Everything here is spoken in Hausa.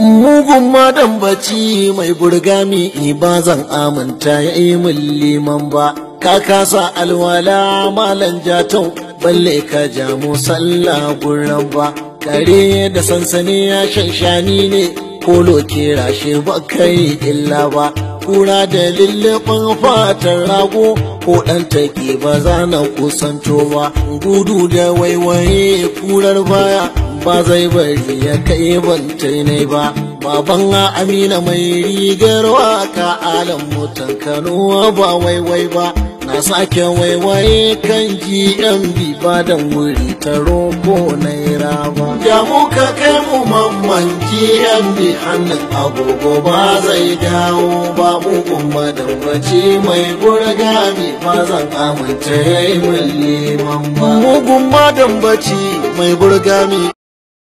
mugun baci mai burgami ba zan aminta ya yi min liman ba ka kasa alwala malan jatau balle ka ja mu sallah gurin ba kare da sansani ya shanshani ne kolo kira shi ba illa ba kura da lillifin fatan rago ko dan take ba za kusanto ba gudu da waiwaye kurar baya ba zai bari ya kai bantai ba baban amina mai rigar waka alam mutan kano ba wai ba na sake waiwaye kan bi ba dan wuri ta roko naira ba ya muka kai mu mamman bi hannun agogo ba zai dawo ba mugun madambaci mai burgami ba zan amince mun neman ba mugun madambaci mai burgami